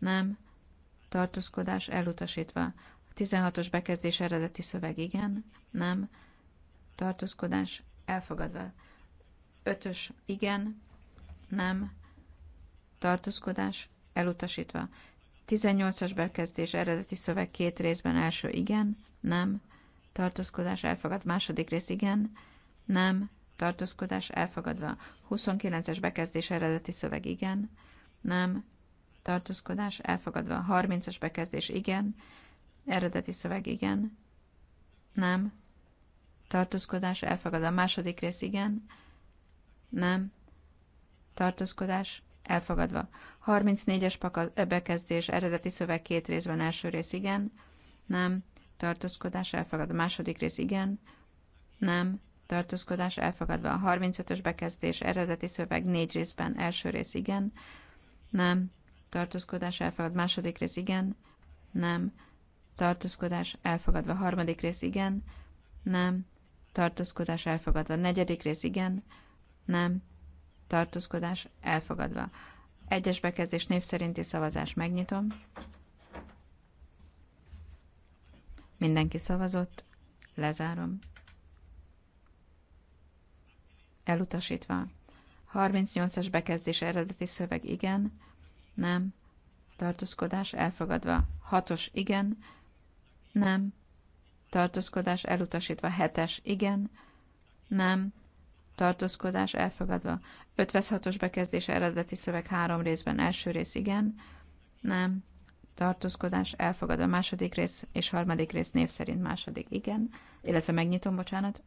nem, tartózkodás elutasítva. 16-os bekezdés eredeti szöveg igen, nem, tartózkodás elfogadva. 5-ös igen, nem, tartózkodás elutasítva. 18-as bekezdés eredeti szöveg két részben első igen, nem, tartózkodás elfogad, második rész igen, nem, tartózkodás elfogadva. 29-es bekezdés eredeti szöveg igen, nem, tartózkodás elfogadva. 30-as bekezdés igen, eredeti szöveg igen, nem, tartózkodás elfogadva. Második rész igen, nem, tartózkodás elfogadva. 34-es eh, bekezdés eredeti szöveg két részben, első rész igen, nem, tartózkodás elfogadva. Második rész igen, nem, tartózkodás elfogadva. A 35-ös bekezdés eredeti szöveg négy részben, első rész igen, nem, tartózkodás elfogad. Második rész igen, nem, tartózkodás elfogadva. Harmadik rész igen, nem, tartózkodás elfogadva. Negyedik rész igen, nem, tartózkodás elfogadva. Egyes bekezdés név szerinti szavazás megnyitom. Mindenki szavazott, lezárom. Elutasítva. 38-as bekezdés eredeti szöveg igen, nem, tartózkodás elfogadva. Hatos, igen, nem, tartózkodás elutasítva. Hetes, igen, nem, tartózkodás elfogadva. 56-os bekezdés eredeti szöveg három részben, első rész igen, nem, tartózkodás elfogadva. Második rész és harmadik rész név szerint második igen, illetve megnyitom, bocsánat.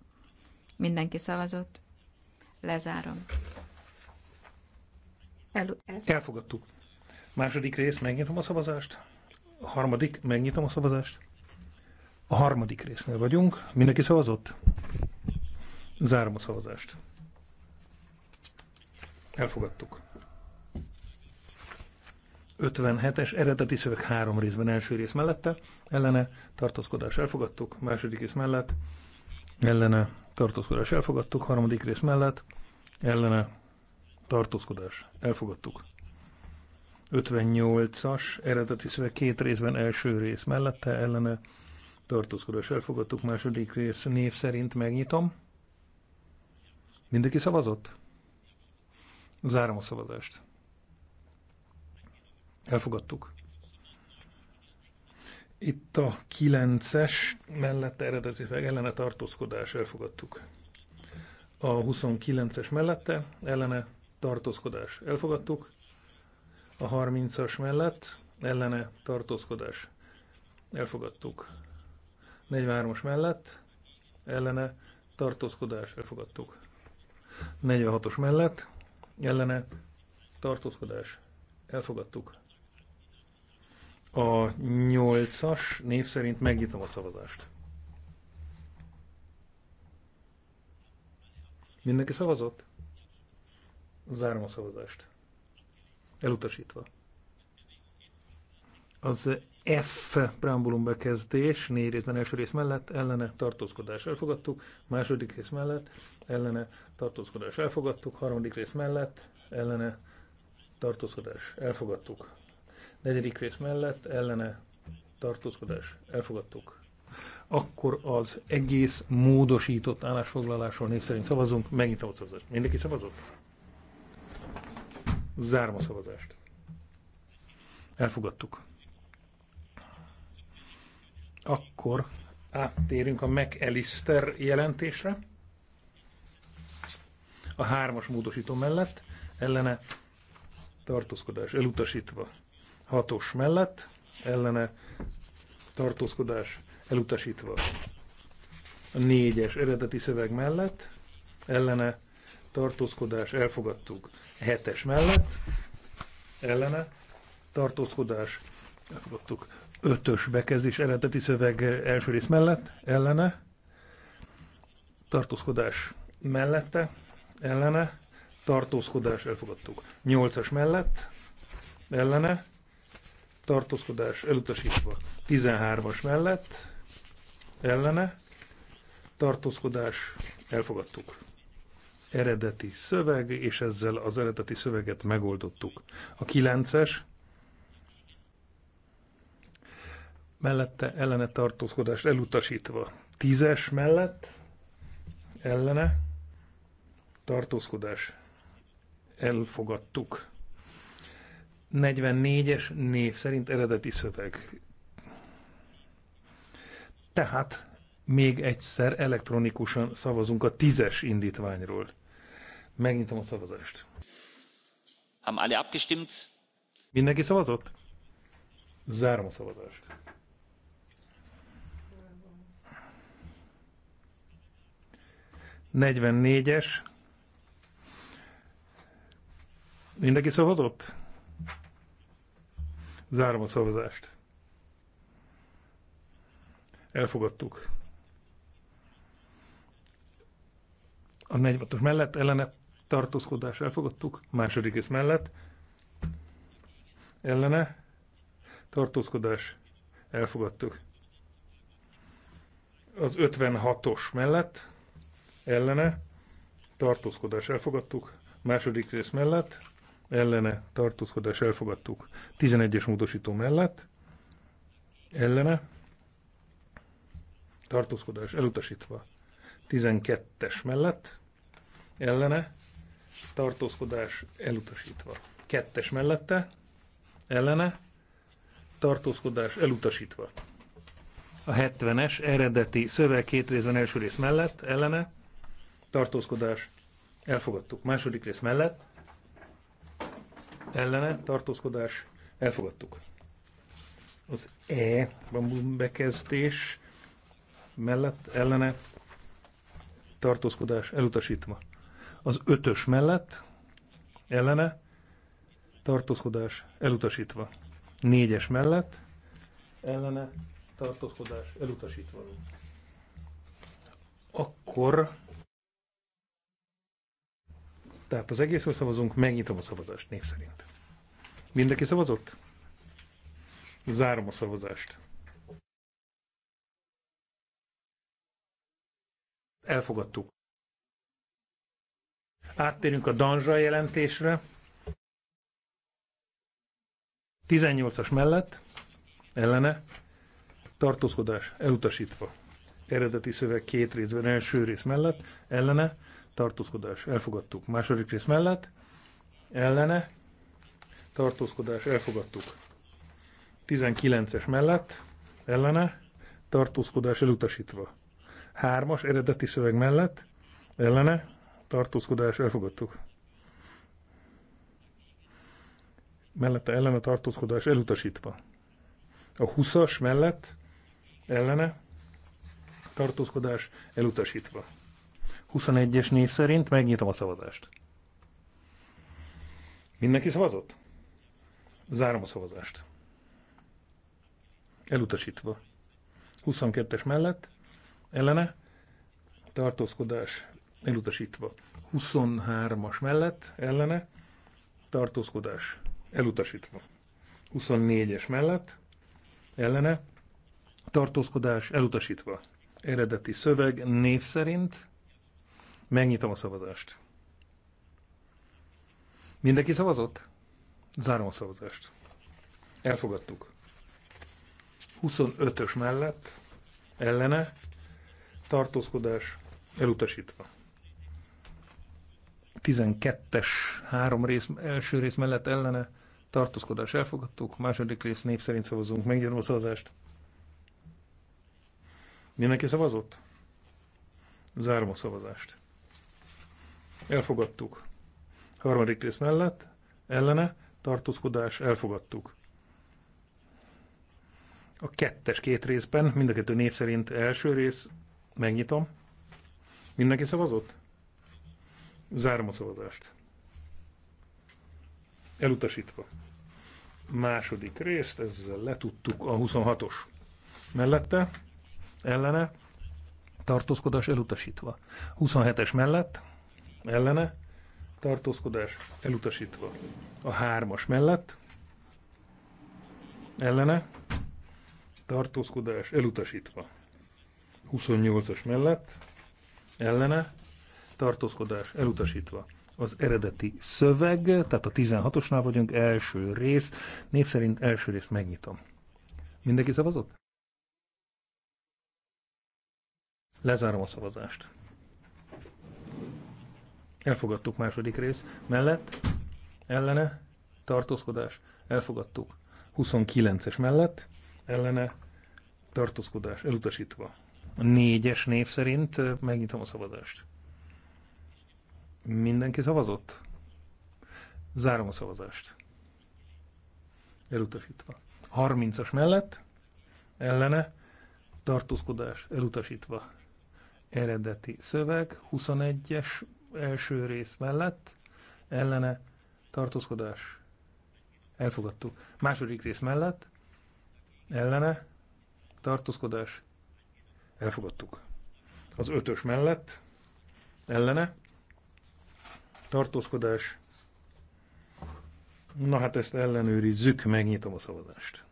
Mindenki szavazott, lezárom. El, Elfogadtuk. Második rész, megnyitom a szavazást. A harmadik, megnyitom a szavazást. A harmadik résznél vagyunk. Mindenki szavazott? Zárom a szavazást. Elfogadtuk. 57-es eredeti szöveg három részben első rész mellette, ellene tartózkodás elfogadtuk, második rész mellett, ellene tartózkodás elfogadtuk, harmadik rész mellett, ellene tartózkodás elfogadtuk. 58-as eredeti szöveg két részben első rész mellette ellene tartózkodás elfogadtuk, második rész név szerint megnyitom. Mindenki szavazott? Zárom a szavazást. Elfogadtuk. Itt a 9-es mellette eredeti szöveg ellene tartózkodás elfogadtuk. A 29-es mellette ellene tartózkodás elfogadtuk a 30-as mellett ellene tartózkodás elfogadtuk. 43-as mellett ellene tartózkodás elfogadtuk. 46-os mellett ellene tartózkodás elfogadtuk. A 8-as név szerint megnyitom a szavazást. Mindenki szavazott? Zárom a szavazást. Elutasítva. Az F preambulum bekezdés négy részben első rész mellett ellene tartózkodás elfogadtuk, második rész mellett ellene tartózkodás elfogadtuk, harmadik rész mellett ellene tartózkodás elfogadtuk, negyedik rész mellett ellene tartózkodás elfogadtuk. Akkor az egész módosított állásfoglalásról név szerint szavazunk, megint a szavazást. Mindenki szavazott? Zárom a szavazást. Elfogadtuk. Akkor áttérünk a McAllister jelentésre. A hármas módosító mellett ellene tartózkodás elutasítva. Hatos mellett ellene tartózkodás elutasítva. A négyes eredeti szöveg mellett ellene tartózkodás, elfogadtuk. Hetes mellett, ellene, tartózkodás, elfogadtuk. Ötös bekezdés eredeti szöveg első rész mellett, ellene, tartózkodás mellette, ellene, tartózkodás, elfogadtuk. Nyolcas mellett, ellene, tartózkodás elutasítva. 13-as mellett, ellene, tartózkodás elfogadtuk eredeti szöveg, és ezzel az eredeti szöveget megoldottuk. A kilences mellette ellene tartózkodást elutasítva. Tízes mellett ellene tartózkodás elfogadtuk. 44-es név szerint eredeti szöveg. Tehát még egyszer elektronikusan szavazunk a tízes indítványról. Megnyitom a szavazást. Haben alle abgestimmt? Mindenki szavazott? Zárom a szavazást. Negyvennégyes. Mindenki szavazott? Zárom a szavazást. Elfogadtuk. A 46-os mellett ellene tartózkodás elfogadtuk, második rész mellett, ellene, tartózkodás elfogadtuk. Az 56-os mellett, ellene, tartózkodás elfogadtuk, második rész mellett, ellene, tartózkodás elfogadtuk, 11-es módosító mellett, ellene, tartózkodás elutasítva, 12-es mellett, ellene, tartózkodás elutasítva. Kettes mellette, ellene, tartózkodás elutasítva. A 70-es eredeti szöveg két részben első rész mellett, ellene, tartózkodás elfogadtuk. Második rész mellett, ellene, tartózkodás elfogadtuk. Az E bekezdés mellett, ellene, tartózkodás elutasítva. Az ötös mellett ellene tartózkodás elutasítva. Négyes mellett ellene tartózkodás elutasítva. Akkor tehát az egészről szavazunk, megnyitom a szavazást név szerint. Mindenki szavazott? Zárom a szavazást. Elfogadtuk. Áttérünk a Danzsa jelentésre. 18-as mellett, ellene, tartózkodás elutasítva. Eredeti szöveg két részben, első rész mellett, ellene, tartózkodás elfogadtuk. Második rész mellett, ellene, tartózkodás elfogadtuk. 19-es mellett, ellene, tartózkodás elutasítva. 3-as eredeti szöveg mellett, ellene, tartózkodás elfogadtuk. Mellette ellene tartózkodás elutasítva. A 20-as mellett ellene tartózkodás elutasítva. 21-es név szerint megnyitom a szavazást. Mindenki szavazott? Zárom a szavazást. Elutasítva. 22-es mellett ellene tartózkodás elutasítva. 23-as mellett ellene tartózkodás elutasítva. 24-es mellett ellene tartózkodás elutasítva. Eredeti szöveg név szerint megnyitom a szavazást. Mindenki szavazott? Zárom a szavazást. Elfogadtuk. 25-ös mellett ellene tartózkodás elutasítva. 12-es három rész, első rész mellett ellene tartózkodás elfogadtuk, második rész név szerint szavazunk, megnyitom a szavazást. Mindenki szavazott? Zárom a szavazást. Elfogadtuk. Harmadik rész mellett, ellene, tartózkodás, elfogadtuk. A kettes két részben, mind a kettő név szerint első rész, megnyitom. Mindenki szavazott? Zárom a szavazást. Elutasítva. Második részt, ezzel letudtuk a 26-os. Mellette, ellene, tartózkodás elutasítva. 27-es mellett, ellene, tartózkodás elutasítva. A 3-as mellett, ellene, tartózkodás elutasítva. 28-as mellett, ellene, tartózkodás elutasítva. Az eredeti szöveg, tehát a 16-osnál vagyunk, első rész, név szerint első részt megnyitom. Mindenki szavazott? Lezárom a szavazást. Elfogadtuk második rész. Mellett, ellene, tartózkodás, elfogadtuk. 29-es mellett, ellene, tartózkodás, elutasítva. A négyes név szerint megnyitom a szavazást. Mindenki szavazott? Zárom a szavazást. Elutasítva. 30-as mellett, ellene, tartózkodás elutasítva. Eredeti szöveg, 21-es első rész mellett, ellene, tartózkodás elfogadtuk. Második rész mellett, ellene, tartózkodás elfogadtuk. Az ötös mellett, ellene, tartózkodás. Na hát ezt ellenőrizzük, megnyitom a szavazást.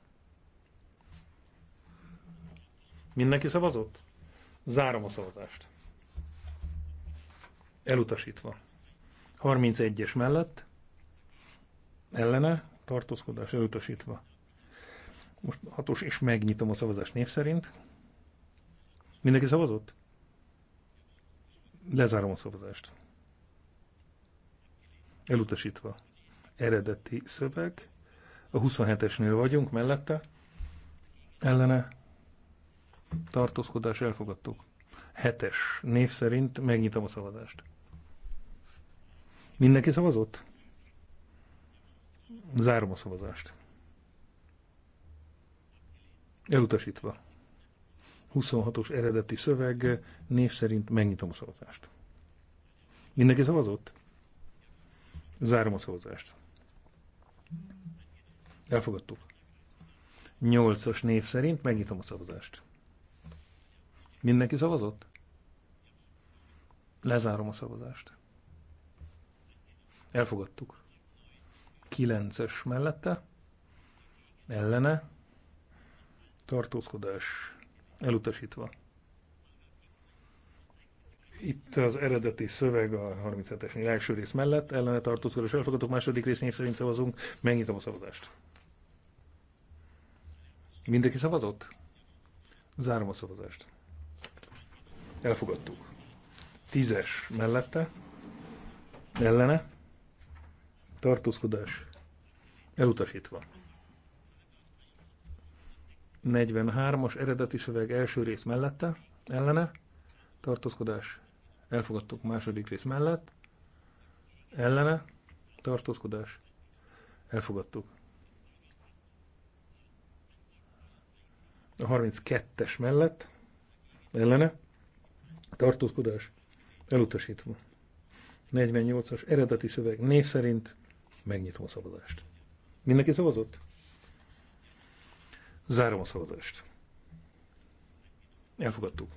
Mindenki szavazott? Zárom a szavazást. Elutasítva. 31-es mellett, ellene, tartózkodás elutasítva. Most hatos, és megnyitom a szavazást név szerint. Mindenki szavazott? Lezárom a szavazást. Elutasítva. Eredeti szöveg. A 27-esnél vagyunk, mellette. Ellene. Tartózkodás elfogadtuk. 7-es név szerint megnyitom a szavazást. Mindenki szavazott? Zárom a szavazást. Elutasítva. 26-os eredeti szöveg, név szerint megnyitom a szavazást. Mindenki szavazott? Zárom a szavazást. Elfogadtuk. 8-as név szerint megnyitom a szavazást. Mindenki szavazott? Lezárom a szavazást. Elfogadtuk. 9 mellette. Ellene. Tartózkodás. Elutasítva. Itt az eredeti szöveg a 37-es első rész mellett, ellene és elfogadók, második rész név szerint szavazunk, megnyitom a szavazást. Mindenki szavazott? Zárom a szavazást. Elfogadtuk. Tízes mellette, ellene, tartózkodás elutasítva. 43-as eredeti szöveg első rész mellette, ellene, tartózkodás elfogadtuk második rész mellett, ellene, tartózkodás, elfogadtuk. A 32-es mellett, ellene, tartózkodás, elutasítva. 48-as eredeti szöveg név szerint megnyitom a szavazást. Mindenki szavazott? Zárom a szavazást. Elfogadtuk.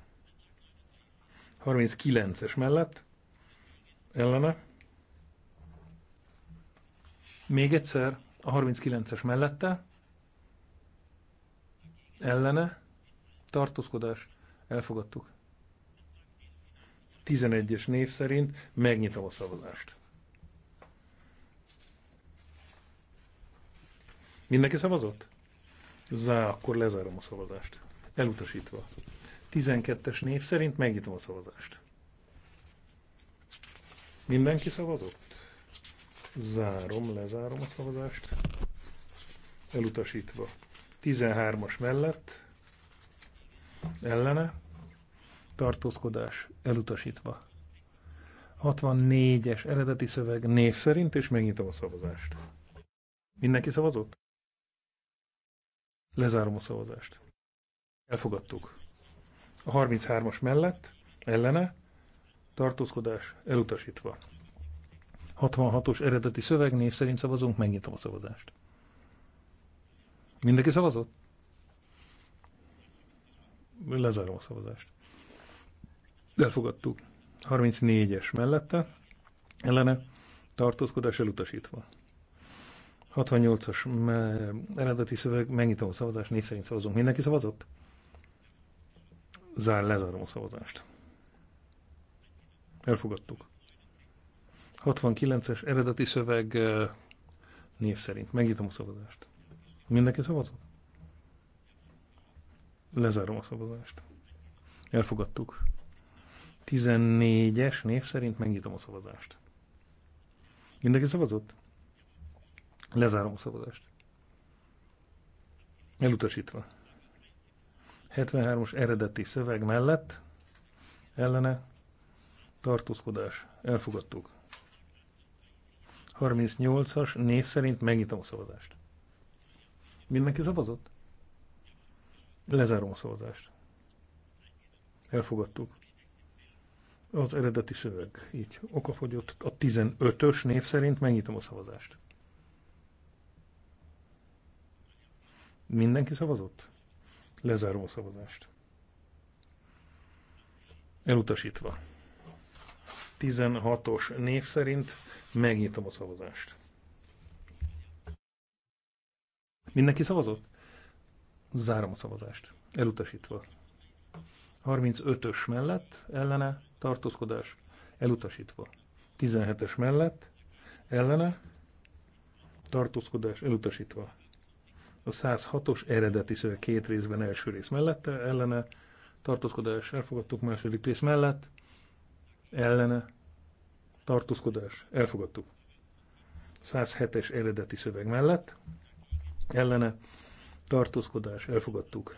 39-es mellett, ellene, még egyszer a 39-es mellette, ellene, tartózkodás, elfogadtuk. 11-es név szerint megnyitom a szavazást. Mindenki szavazott? Zá, akkor lezárom a szavazást. Elutasítva. 12-es név szerint megnyitom a szavazást. Mindenki szavazott? Zárom, lezárom a szavazást. Elutasítva. 13-as mellett. Ellene. Tartózkodás. Elutasítva. 64-es eredeti szöveg név szerint, és megnyitom a szavazást. Mindenki szavazott? Lezárom a szavazást. Elfogadtuk. A 33-as mellett, ellene, tartózkodás elutasítva. 66-os eredeti szöveg, név szerint szavazunk, megnyitom a szavazást. Mindenki szavazott? Lezárom a szavazást. Elfogadtuk. 34-es mellette, ellene, tartózkodás elutasítva. 68-as eredeti szöveg, megnyitom a szavazást, név szerint szavazunk. Mindenki szavazott? Zár, lezárom a szavazást. Elfogadtuk. 69-es eredeti szöveg név szerint. Megnyitom a szavazást. Mindenki szavazott? Lezárom a szavazást. Elfogadtuk. 14-es név szerint megnyitom a szavazást. Mindenki szavazott? Lezárom a szavazást. Elutasítva. 73-os eredeti szöveg mellett ellene tartózkodás. Elfogadtuk. 38-as név szerint megnyitom a szavazást. Mindenki szavazott? Lezárom a szavazást. Elfogadtuk. Az eredeti szöveg így okafogyott. A 15-ös név szerint megnyitom a szavazást. Mindenki szavazott? Lezárom a szavazást. Elutasítva. 16-os név szerint megnyitom a szavazást. Mindenki szavazott? Zárom a szavazást. Elutasítva. 35-ös mellett ellene tartózkodás. Elutasítva. 17-es mellett ellene tartózkodás. Elutasítva a 106-os eredeti szöveg két részben első rész mellette, ellene, tartózkodás elfogadtuk második rész mellett, ellene, tartózkodás elfogadtuk. 107-es eredeti szöveg mellett, ellene, tartózkodás elfogadtuk.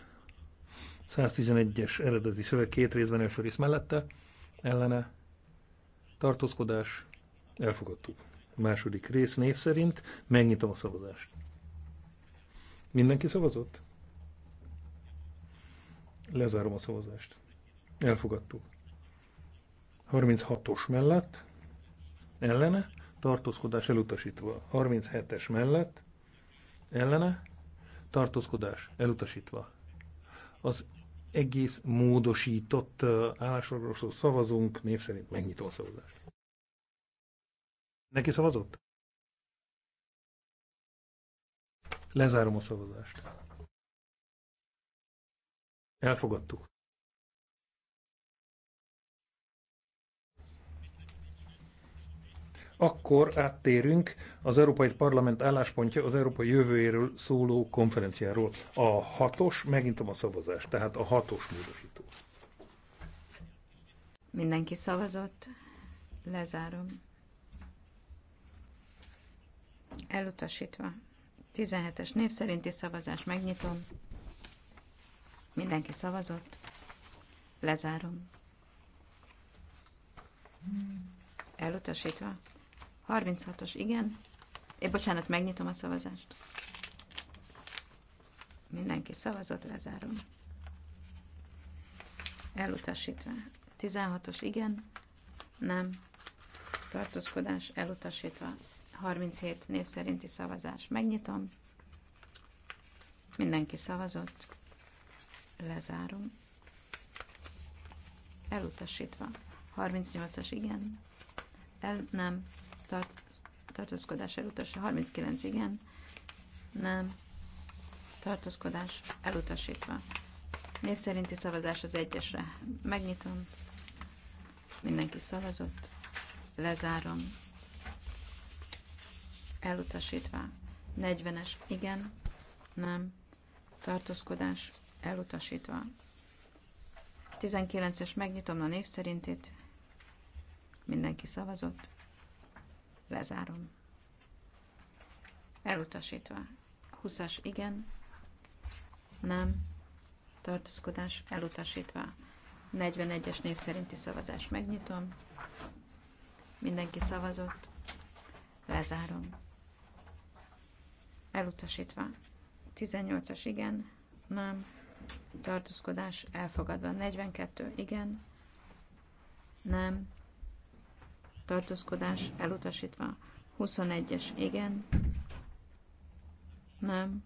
111-es eredeti szöveg két részben első rész mellette, ellene, tartózkodás elfogadtuk. A második rész név szerint megnyitom a szavazást. Mindenki szavazott? Lezárom a szavazást. Elfogadtuk. 36-os mellett, ellene, tartózkodás elutasítva. 37-es mellett, ellene, tartózkodás elutasítva. Az egész módosított állásról szavazunk, név szerint megnyitom a szavazást. Neki szavazott? Lezárom a szavazást. Elfogadtuk. Akkor áttérünk az Európai Parlament álláspontja az Európai jövőjéről szóló konferenciáról. A hatos, megintom a szavazást, tehát a hatos módosító. Mindenki szavazott. Lezárom. Elutasítva. 17-es név szerinti szavazás, megnyitom. Mindenki szavazott. Lezárom. Elutasítva. 36-os igen. Én bocsánat, megnyitom a szavazást. Mindenki szavazott, lezárom. Elutasítva. 16-os igen. Nem. Tartózkodás elutasítva. 37 név szerinti szavazás. Megnyitom. Mindenki szavazott. Lezárom. Elutasítva. 38-as igen. El nem. Tart, tartózkodás elutasítva. 39 igen. Nem. Tartózkodás elutasítva. Név szerinti szavazás az egyesre. Megnyitom. Mindenki szavazott. Lezárom elutasítva. 40-es igen, nem, tartózkodás elutasítva. 19-es megnyitom a név szerintét, mindenki szavazott, lezárom. Elutasítva. 20-as igen, nem, tartózkodás elutasítva. 41-es név szerinti szavazás megnyitom, mindenki szavazott, lezárom elutasítva. 18-as igen, nem, tartózkodás elfogadva. 42 igen, nem, tartózkodás elutasítva. 21-es igen, nem,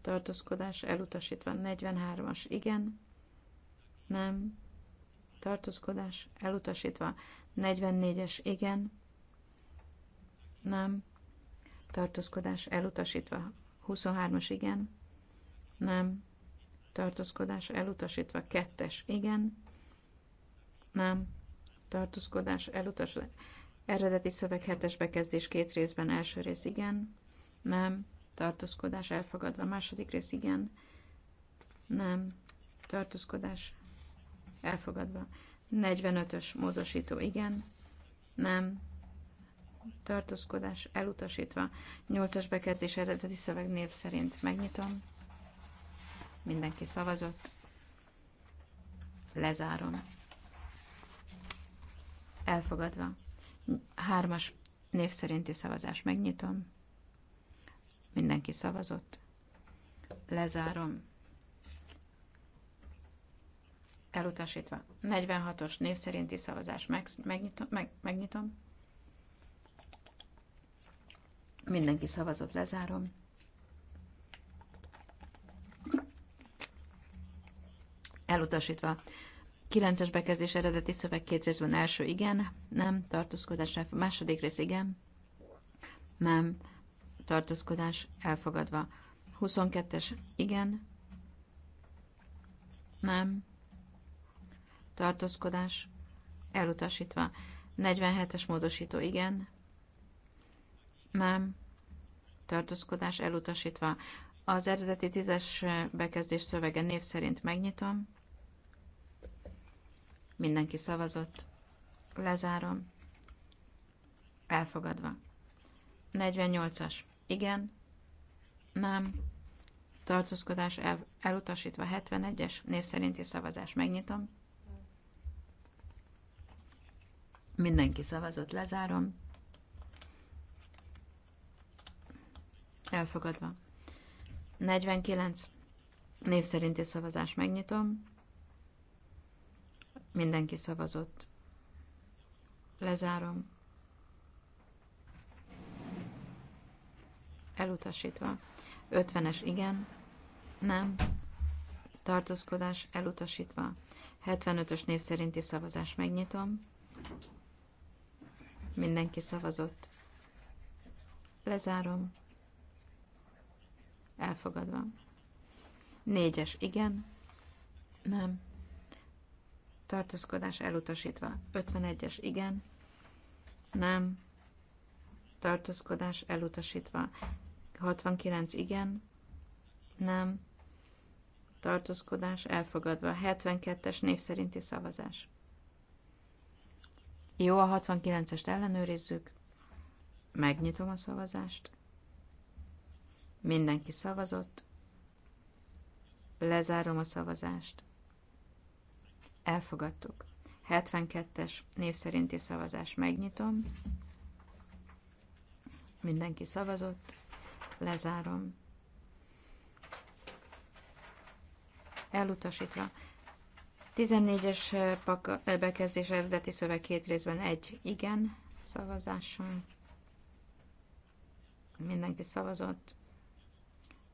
tartózkodás elutasítva. 43-as igen, nem, tartózkodás elutasítva. 44-es igen, nem, tartózkodás elutasítva. 23-as igen, nem, tartózkodás elutasítva. 2-es igen, nem, tartózkodás elutasítva. Eredeti szöveg 7-es bekezdés két részben, első rész igen, nem, tartózkodás elfogadva, második rész igen, nem, tartózkodás elfogadva. 45-ös módosító igen, nem, tartózkodás elutasítva. 8-as bekezdés eredeti szöveg név szerint megnyitom. Mindenki szavazott. Lezárom. Elfogadva. Hármas név szerinti szavazás megnyitom. Mindenki szavazott. Lezárom. Elutasítva. 46-os név szerinti szavazás meg, megnyitom, meg, megnyitom. Mindenki szavazott, lezárom. Elutasítva. 9-es bekezdés eredeti szöveg két részben első igen, nem, tartózkodás, elfog... második rész igen, nem, tartózkodás elfogadva. 22-es igen, nem, tartózkodás elutasítva. 47-es módosító igen, nem, tartózkodás elutasítva. Az eredeti tízes bekezdés szövege név szerint megnyitom. Mindenki szavazott. Lezárom. Elfogadva. 48-as. Igen. Nem. Tartózkodás el, elutasítva. 71-es. Név szerinti szavazás. Megnyitom. Mindenki szavazott. Lezárom. Elfogadva. 49. Név szerinti szavazás megnyitom. Mindenki szavazott. Lezárom. Elutasítva. 50-es igen. Nem. Tartózkodás elutasítva. 75-ös név szerinti szavazás megnyitom. Mindenki szavazott. Lezárom. Elfogadva. Négyes, igen. Nem. Tartózkodás elutasítva. 51-es, igen. Nem. Tartózkodás elutasítva. 69, igen. Nem. Tartózkodás elfogadva. 72-es név szerinti szavazás. Jó, a 69-est ellenőrizzük. Megnyitom a szavazást. Mindenki szavazott. Lezárom a szavazást. Elfogadtuk. 72-es név szerinti szavazás megnyitom. Mindenki szavazott. Lezárom. Elutasítva. 14-es eh, eh, bekezdés eredeti szöveg két részben egy igen szavazáson. Mindenki szavazott.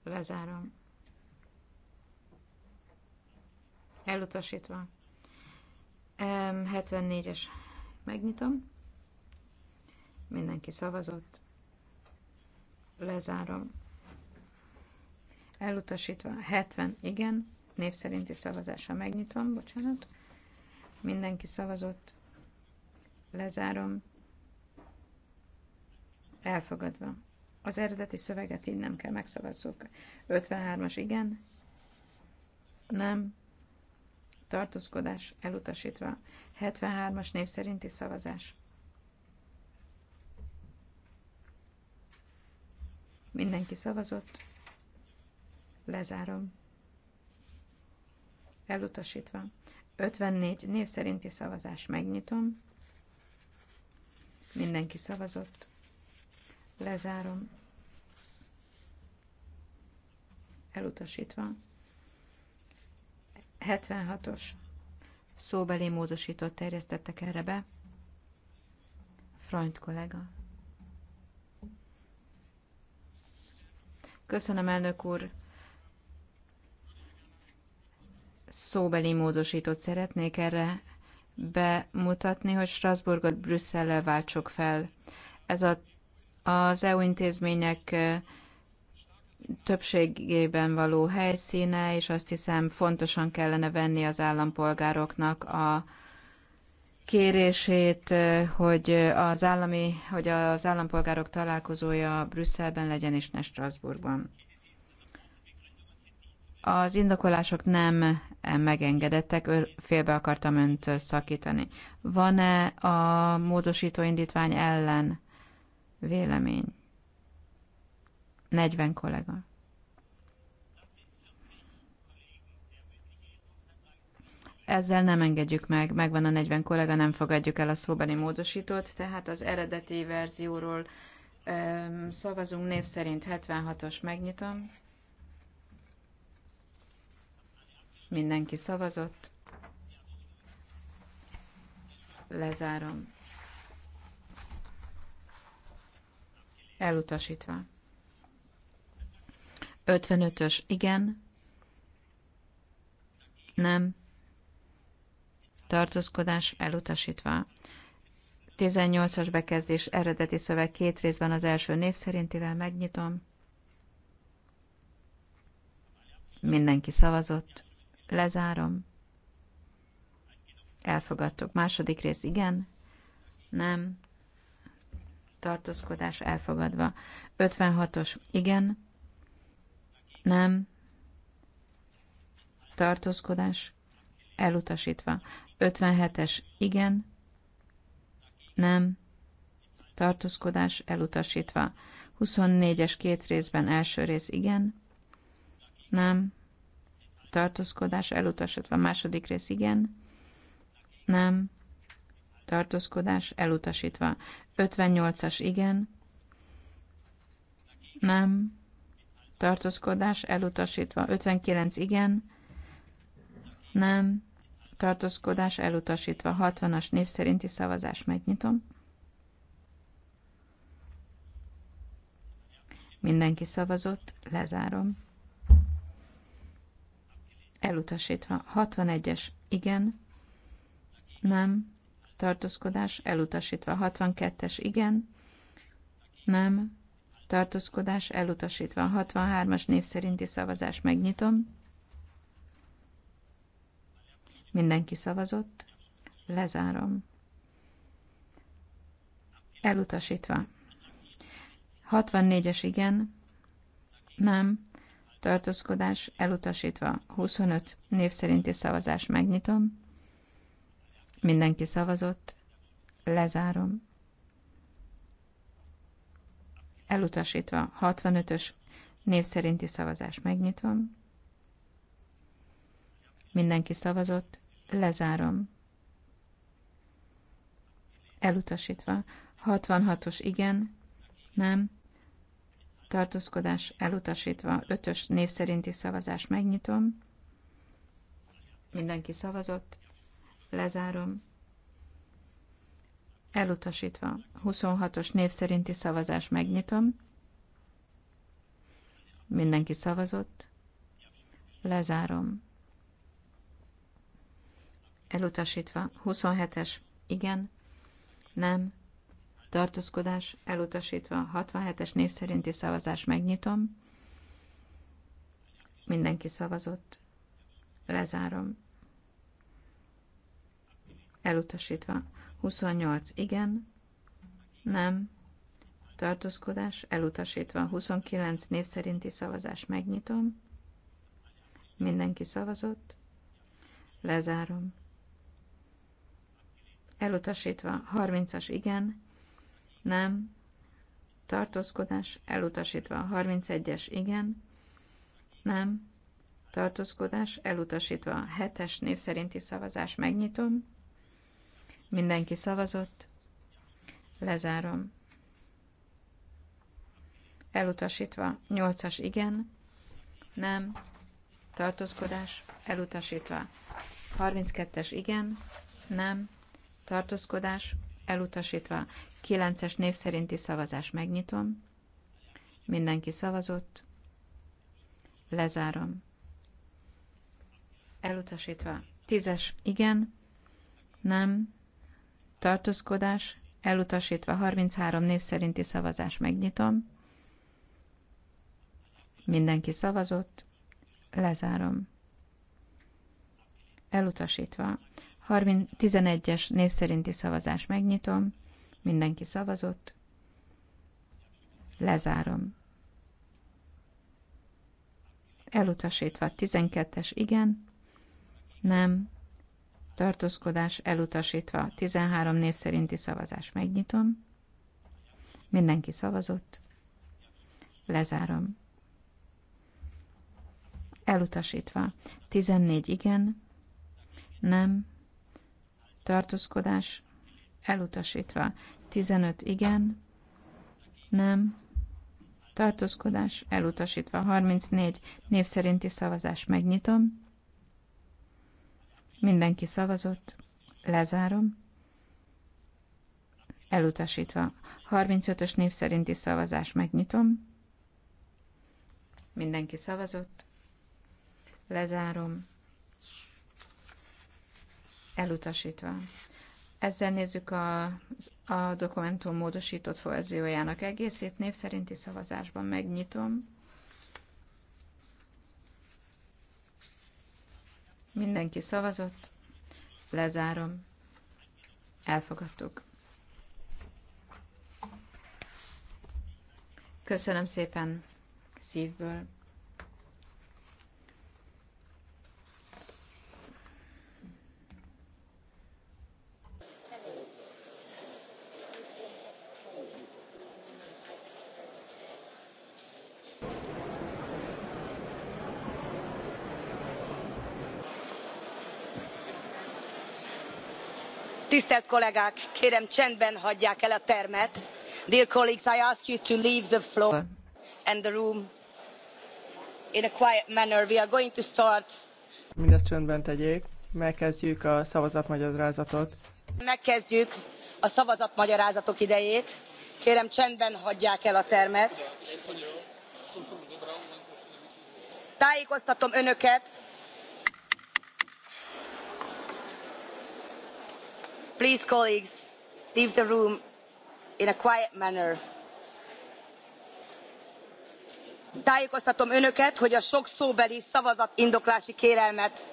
Lezárom. Elutasítva. 74-es. Megnyitom. Mindenki szavazott. Lezárom. Elutasítva. 70. Igen. Név szerinti szavazásra megnyitom. Bocsánat. Mindenki szavazott. Lezárom. Elfogadva. Az eredeti szöveget nem kell megszavazzuk. 53-as igen, nem, tartózkodás elutasítva. 73-as név szerinti szavazás. Mindenki szavazott. Lezárom. Elutasítva. 54 név szerinti szavazás. Megnyitom. Mindenki szavazott. Lezárom. elutasítva. 76-os szóbeli módosított terjesztettek erre be. Freund kollega. Köszönöm, elnök úr. Szóbeli módosítót szeretnék erre bemutatni, hogy Strasbourgot Brüsszellel váltsok fel. Ez a, az EU intézmények többségében való helyszíne, és azt hiszem fontosan kellene venni az állampolgároknak a kérését, hogy az, állami, hogy az állampolgárok találkozója Brüsszelben legyen és ne Strasbourgban. Az indokolások nem megengedettek, félbe akartam önt szakítani. Van-e a módosító indítvány ellen vélemény? 40 kollega. Ezzel nem engedjük meg, megvan a 40 kollega, nem fogadjuk el a szóbeni módosítót, tehát az eredeti verzióról um, szavazunk név szerint 76-os megnyitom. Mindenki szavazott. Lezárom. Elutasítva. 55-ös igen, nem, tartózkodás elutasítva. 18-as bekezdés eredeti szöveg két részben az első név szerintivel megnyitom. Mindenki szavazott. Lezárom. Elfogadtuk. Második rész igen. Nem. Tartózkodás elfogadva. 56-os igen. Nem. Tartózkodás. Elutasítva. 57-es. Igen. Nem. Tartózkodás. Elutasítva. 24-es két részben első rész. Igen. Nem. Tartózkodás. Elutasítva. Második rész. Igen. Nem. Tartózkodás. Elutasítva. 58-as. Igen. Nem tartózkodás elutasítva. 59 igen, nem, tartózkodás elutasítva. 60-as név szerinti szavazás megnyitom. Mindenki szavazott, lezárom. Elutasítva. 61-es igen, nem, tartózkodás elutasítva. 62-es igen, nem, tartózkodás elutasítva. 63-as név szerinti szavazás megnyitom. Mindenki szavazott. Lezárom. Elutasítva. 64-es igen. Nem. Tartózkodás elutasítva. 25. Név szerinti szavazás megnyitom. Mindenki szavazott. Lezárom elutasítva. 65-ös név szerinti szavazás megnyitva. Mindenki szavazott, lezárom. Elutasítva. 66-os igen, nem, tartózkodás elutasítva, 5-ös név szerinti szavazás megnyitom. Mindenki szavazott, lezárom. Elutasítva. 26-os név szerinti szavazás megnyitom. Mindenki szavazott. Lezárom. Elutasítva. 27-es. Igen. Nem. Tartózkodás. Elutasítva. 67-es név szerinti szavazás megnyitom. Mindenki szavazott. Lezárom. Elutasítva. 28. Igen. Nem. Tartózkodás elutasítva. 29. Név szerinti szavazás. Megnyitom. Mindenki szavazott. Lezárom. Elutasítva. 30-as igen. Nem. Tartózkodás elutasítva. 31-es igen. Nem. Tartózkodás elutasítva. 7-es név szerinti szavazás. Megnyitom. Mindenki szavazott. Lezárom. Elutasítva. Nyolcas igen. Nem. Tartózkodás. Elutasítva. 32-es igen. Nem. Tartózkodás. Elutasítva. 9-es név szerinti szavazás. Megnyitom. Mindenki szavazott. Lezárom. Elutasítva. Tízes. Igen. Nem tartózkodás, elutasítva 33 név szerinti szavazás megnyitom. Mindenki szavazott, lezárom. Elutasítva 11-es név szerinti szavazás megnyitom, mindenki szavazott, lezárom. Elutasítva 12-es igen, nem, tartózkodás elutasítva. 13 név szerinti szavazás megnyitom. Mindenki szavazott. Lezárom. Elutasítva. 14 igen, nem, tartózkodás, elutasítva. 15 igen, nem, tartózkodás, elutasítva. 34 név szerinti szavazás megnyitom. Mindenki szavazott. Lezárom. Elutasítva. 35-ös név szerinti szavazás megnyitom. Mindenki szavazott. Lezárom. Elutasítva. Ezzel nézzük a, a dokumentum módosított forziójának egészét. Név szerinti szavazásban megnyitom. Mindenki szavazott. Lezárom. Elfogadtuk. Köszönöm szépen szívből. tisztelt kollégák kérem csendben hagyják el a termet. dear colleagues i ask you to leave the floor and the room in a quiet manner. we are going to start. mindezt csendben tegyék. Megkezdjük a szavazatmagyarázatot. Megkezdjük a szavazatmagyarázatok idejét. Kérem csendben hagyják el a termet. Tájékoztatom önöket, please colleagues leave the room in a quiet manner. tájékoztatom önöket hogy a sok szóbeli szavazatindoklási kérelmet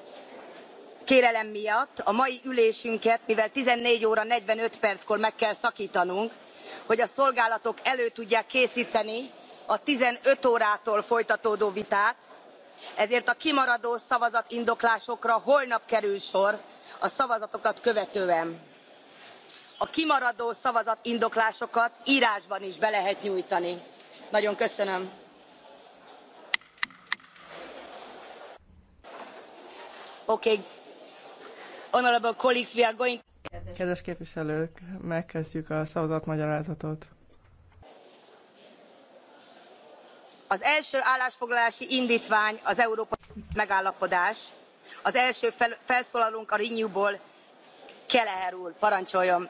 kérelem miatt a mai ülésünket mivel fourteen óra forty five perckor meg kell szaktanunk hogy a szolgálatok elő tudják készteni a fifteen órától folytatódó vitát ezért a kimaradó szavazatindoklásokra holnap kerül sor a szavazatokat követően a kimaradó szavazatindoklásokat rásban is be lehet nyújtani. nagyon köszönöm. Okay. Honorable colleagues, we are going... Kedves képviselők, megkezdjük a szavazatmagyarázatot. Az első állásfoglalási indítvány az európai megállapodás. Az első fel, felszólalunk a Renewból. Keleher úr, parancsoljon!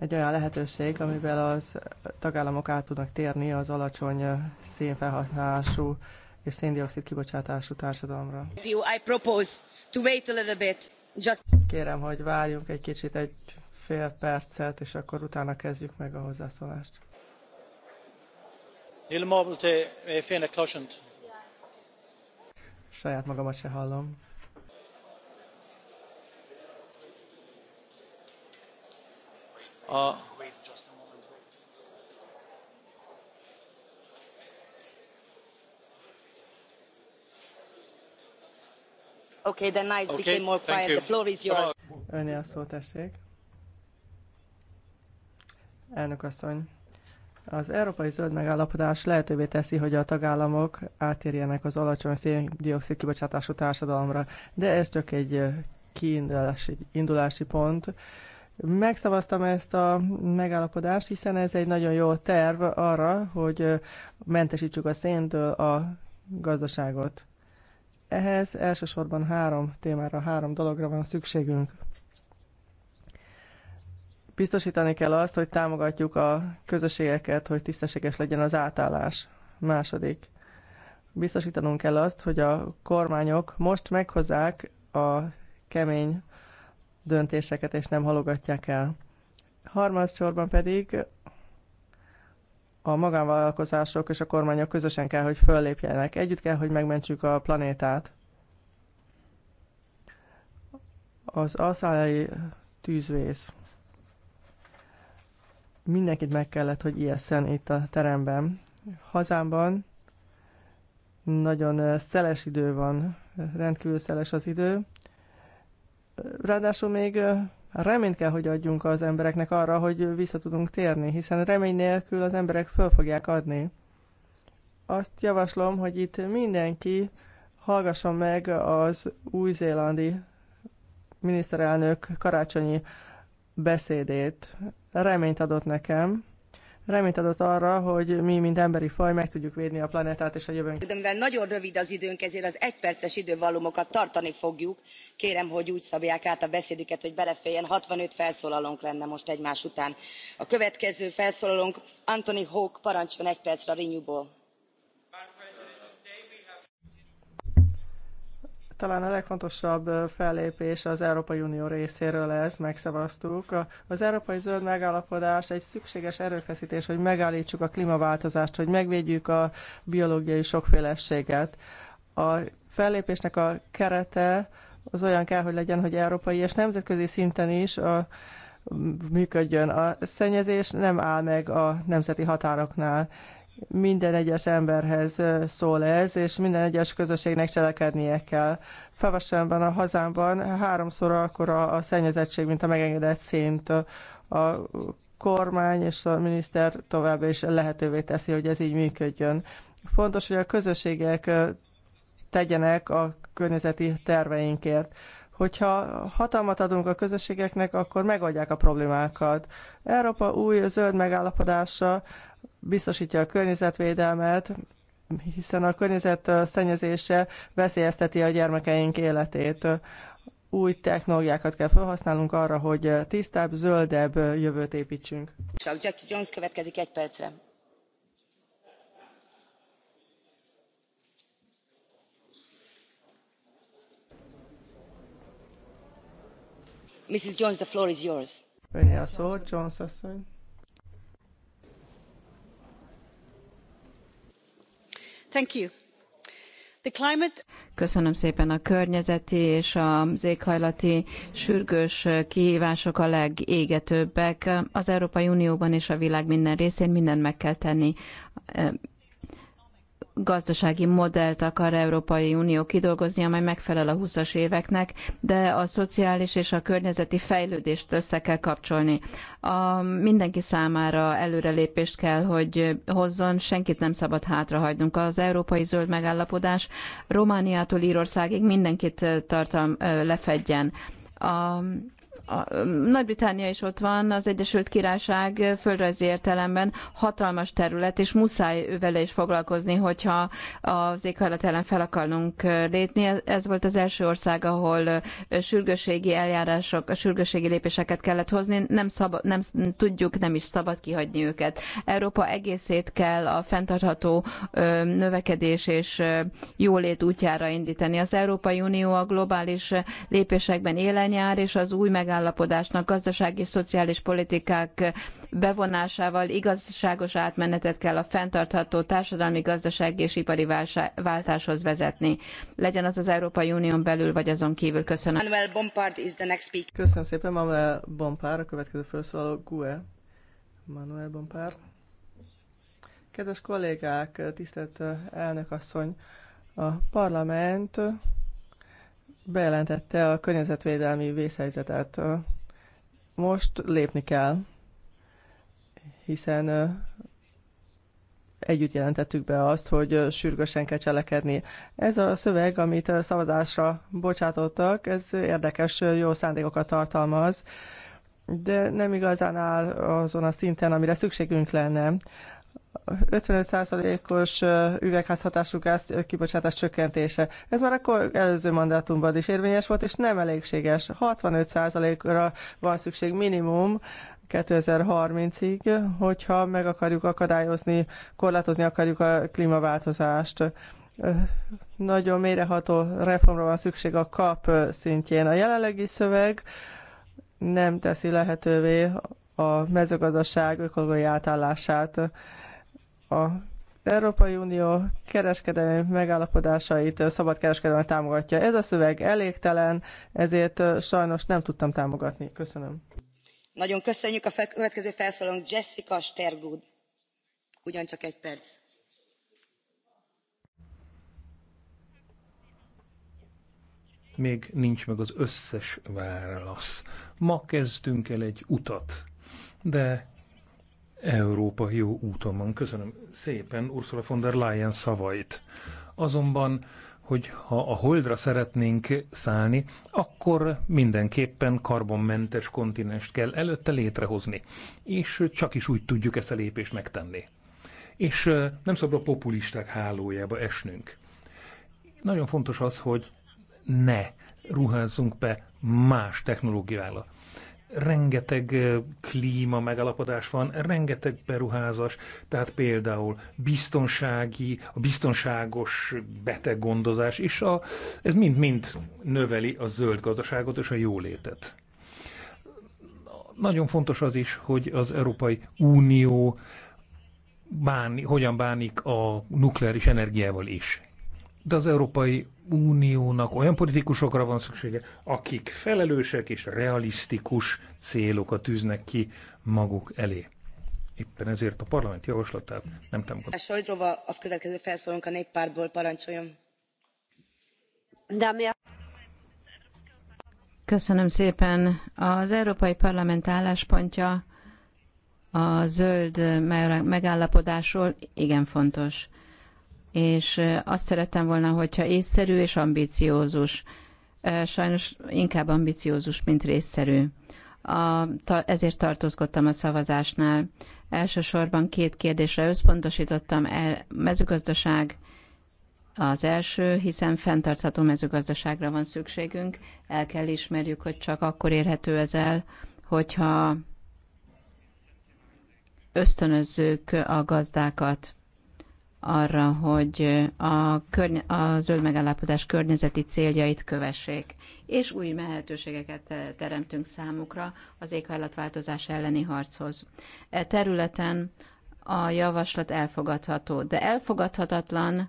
egy olyan lehetőség, amivel az tagállamok át tudnak térni az alacsony szénfelhasználású és széndiokszid kibocsátású társadalomra. Kérem, hogy várjunk egy kicsit, egy fél percet, és akkor utána kezdjük meg a hozzászólást. Eh, Saját magamat se hallom. a Okay, nice. nights okay, more quiet. The floor is yours. Önni a szó, tessék. Elnök asszony, az európai zöld megállapodás lehetővé teszi, hogy a tagállamok átérjenek az alacsony széndiokszid kibocsátású társadalomra, de ez csak egy kiindulási indulási pont Megszavaztam ezt a megállapodást, hiszen ez egy nagyon jó terv arra, hogy mentesítsük a széntől a gazdaságot. Ehhez elsősorban három témára, három dologra van szükségünk. Biztosítani kell azt, hogy támogatjuk a közösségeket, hogy tisztességes legyen az átállás. Második. Biztosítanunk kell azt, hogy a kormányok most meghozzák a kemény döntéseket, és nem halogatják el. Harmadsorban pedig a magánvállalkozások és a kormányok közösen kell, hogy föllépjenek. Együtt kell, hogy megmentsük a planétát. Az asztráliai tűzvész. Mindenkit meg kellett, hogy ijesszen itt a teremben. Hazámban nagyon szeles idő van, rendkívül szeles az idő, Ráadásul még reményt kell, hogy adjunk az embereknek arra, hogy vissza tudunk térni, hiszen remény nélkül az emberek föl fogják adni. Azt javaslom, hogy itt mindenki hallgasson meg az új-zélandi miniszterelnök karácsonyi beszédét. Reményt adott nekem, reményt adott arra, hogy mi, mint emberi faj, meg tudjuk védni a planetát és a jövőnket. De mivel nagyon rövid az időnk, ezért az egyperces idővallumokat tartani fogjuk. Kérem, hogy úgy szabják át a beszédüket, hogy beleféljen. 65 felszólalónk lenne most egymás után. A következő felszólalónk Anthony Hawke, parancsoljon egy percre a Renewable. Talán a legfontosabb fellépés az Európai Unió részéről ez, megszavaztuk. Az Európai Zöld Megállapodás egy szükséges erőfeszítés, hogy megállítsuk a klímaváltozást, hogy megvédjük a biológiai sokféleséget. A fellépésnek a kerete az olyan kell, hogy legyen, hogy európai és nemzetközi szinten is a, működjön. A szennyezés nem áll meg a nemzeti határoknál minden egyes emberhez szól ez, és minden egyes közösségnek cselekednie kell. Fevesemben a hazámban háromszor akkora a szennyezettség, mint a megengedett szint. A kormány és a miniszter továbbra is lehetővé teszi, hogy ez így működjön. Fontos, hogy a közösségek tegyenek a környezeti terveinkért hogyha hatalmat adunk a közösségeknek, akkor megoldják a problémákat. Európa új zöld megállapodása biztosítja a környezetvédelmet, hiszen a környezet szennyezése veszélyezteti a gyermekeink életét. Új technológiákat kell felhasználnunk arra, hogy tisztább, zöldebb jövőt építsünk. Jackie Jones következik egy percre. Mrs. Jones, the floor is yours. Önje a szó, Jones asszony. Köszönöm szépen a környezeti és az éghajlati sürgős kihívások a legégetőbbek. Az Európai Unióban és a világ minden részén mindent meg kell tenni gazdasági modellt akar Európai Unió kidolgozni, amely megfelel a 20-as éveknek, de a szociális és a környezeti fejlődést össze kell kapcsolni. A mindenki számára előrelépést kell, hogy hozzon, senkit nem szabad hátrahagynunk. Az Európai Zöld Megállapodás Romániától Írországig mindenkit tartalm, lefedjen. A, nagy-Britannia is ott van, az Egyesült Királyság földrajzi értelemben hatalmas terület, és muszáj vele is foglalkozni, hogyha az éghajlat ellen fel akarnunk lépni. Ez volt az első ország, ahol sürgőségi eljárások, sürgőségi lépéseket kellett hozni. Nem, szabad, nem tudjuk, nem is szabad kihagyni őket. Európa egészét kell a fenntartható növekedés és jólét útjára indítani. Az Európai Unió a globális lépésekben élen jár, és az új megállapodás megállapodásnak gazdasági és szociális politikák bevonásával igazságos átmenetet kell a fenntartható társadalmi, gazdasági és ipari váltáshoz vezetni. Legyen az az Európai Unión belül vagy azon kívül. Köszönöm. Manuel Bompard is the next speaker. Köszönöm szépen, Manuel Bompard, a következő felszólaló GUE. Manuel Bompard. Kedves kollégák, tisztelt eh, elnök asszony, a parlament bejelentette a környezetvédelmi vészhelyzetet. Most lépni kell, hiszen együtt jelentettük be azt, hogy sürgősen kell cselekedni. Ez a szöveg, amit szavazásra bocsátottak, ez érdekes, jó szándékokat tartalmaz, de nem igazán áll azon a szinten, amire szükségünk lenne. 55%-os üvegházhatású gáz kibocsátás csökkentése. Ez már akkor előző mandátumban is érvényes volt, és nem elégséges. 65%-ra van szükség minimum 2030-ig, hogyha meg akarjuk akadályozni, korlátozni akarjuk a klímaváltozást nagyon méreható reformra van szükség a kap szintjén. A jelenlegi szöveg nem teszi lehetővé a mezőgazdaság ökológiai átállását. A Európai Unió kereskedelmi megállapodásait szabadkereskedelmi támogatja. Ez a szöveg elégtelen, ezért sajnos nem tudtam támogatni. Köszönöm. Nagyon köszönjük a következő felszólalónk Jessica Stergood. Ugyancsak egy perc. Még nincs meg az összes válasz. Ma kezdtünk el egy utat, de Európa jó úton van. Köszönöm szépen Ursula von der Leyen szavait. Azonban, hogy ha a holdra szeretnénk szállni, akkor mindenképpen karbonmentes kontinest kell előtte létrehozni. És csak is úgy tudjuk ezt a lépést megtenni. És nem szabad a populisták hálójába esnünk. Nagyon fontos az, hogy ne ruházzunk be más technológiára rengeteg klíma megalapodás van, rengeteg beruházás, tehát például biztonsági, a biztonságos beteggondozás, és a, ez mind-mind növeli a zöld gazdaságot és a jólétet. Nagyon fontos az is, hogy az Európai Unió bánni, hogyan bánik a nukleáris energiával is. De az Európai Uniónak olyan politikusokra van szüksége, akik felelősek és realisztikus célokat tűznek ki maguk elé. Éppen ezért a parlament javaslatát nem támogatom. Sojdrova, a következő felszólunk a néppártból parancsoljon. Köszönöm szépen. Az Európai Parlament álláspontja a zöld megállapodásról igen fontos és azt szerettem volna, hogyha észszerű és ambiciózus. Sajnos inkább ambiciózus, mint részszerű. A, ta, ezért tartózkodtam a szavazásnál. Elsősorban két kérdésre összpontosítottam. El, mezőgazdaság az első, hiszen fenntartható mezőgazdaságra van szükségünk. El kell ismerjük, hogy csak akkor érhető ez el, hogyha ösztönözzük a gazdákat arra, hogy a, a zöld megállapodás környezeti céljait kövessék, és új lehetőségeket teremtünk számukra az éghajlatváltozás elleni harchoz. E területen a javaslat elfogadható, de elfogadhatatlan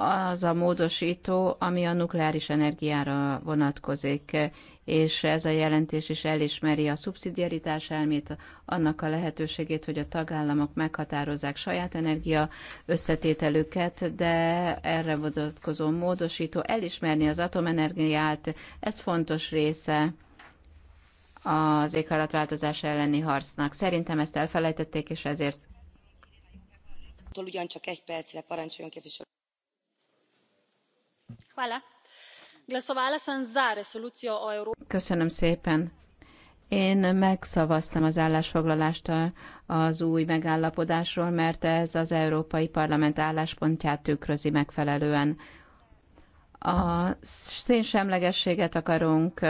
az a módosító, ami a nukleáris energiára vonatkozik, és ez a jelentés is elismeri a szubszidiaritás elmét, annak a lehetőségét, hogy a tagállamok meghatározzák saját energia összetételüket, de erre vonatkozó módosító elismerni az atomenergiát, ez fontos része az éghajlatváltozás elleni harcnak. Szerintem ezt elfelejtették, és ezért. Ugyancsak egy percre parancsoljon képviselő. Köszönöm szépen. Én megszavaztam az állásfoglalást az új megállapodásról, mert ez az Európai Parlament álláspontját tükrözi megfelelően. A szénsemlegességet akarunk,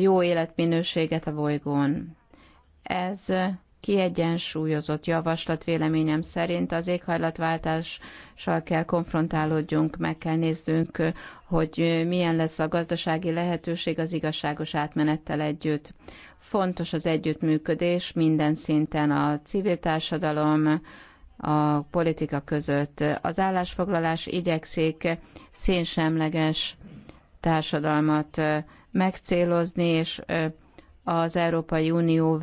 jó életminőséget a bolygón. Ez kiegyensúlyozott javaslat véleményem szerint az éghajlatváltással kell konfrontálódjunk, meg kell néznünk, hogy milyen lesz a gazdasági lehetőség az igazságos átmenettel együtt. Fontos az együttműködés minden szinten a civil társadalom, a politika között. Az állásfoglalás igyekszik szénsemleges társadalmat megcélozni, és az Európai Unió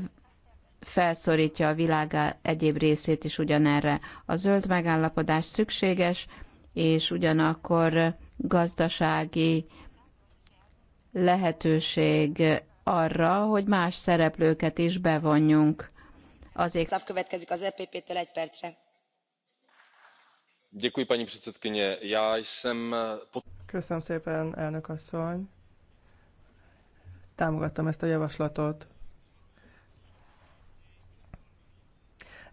felszorítja a világ egyéb részét is ugyanerre. A zöld megállapodás szükséges, és ugyanakkor gazdasági lehetőség arra, hogy más szereplőket is bevonjunk. Azért... Száv következik az EPP-től egy percre. Děkuji, paní předsedkyně. Já jsem... Köszönöm szépen, elnök asszony. Támogattam ezt a javaslatot.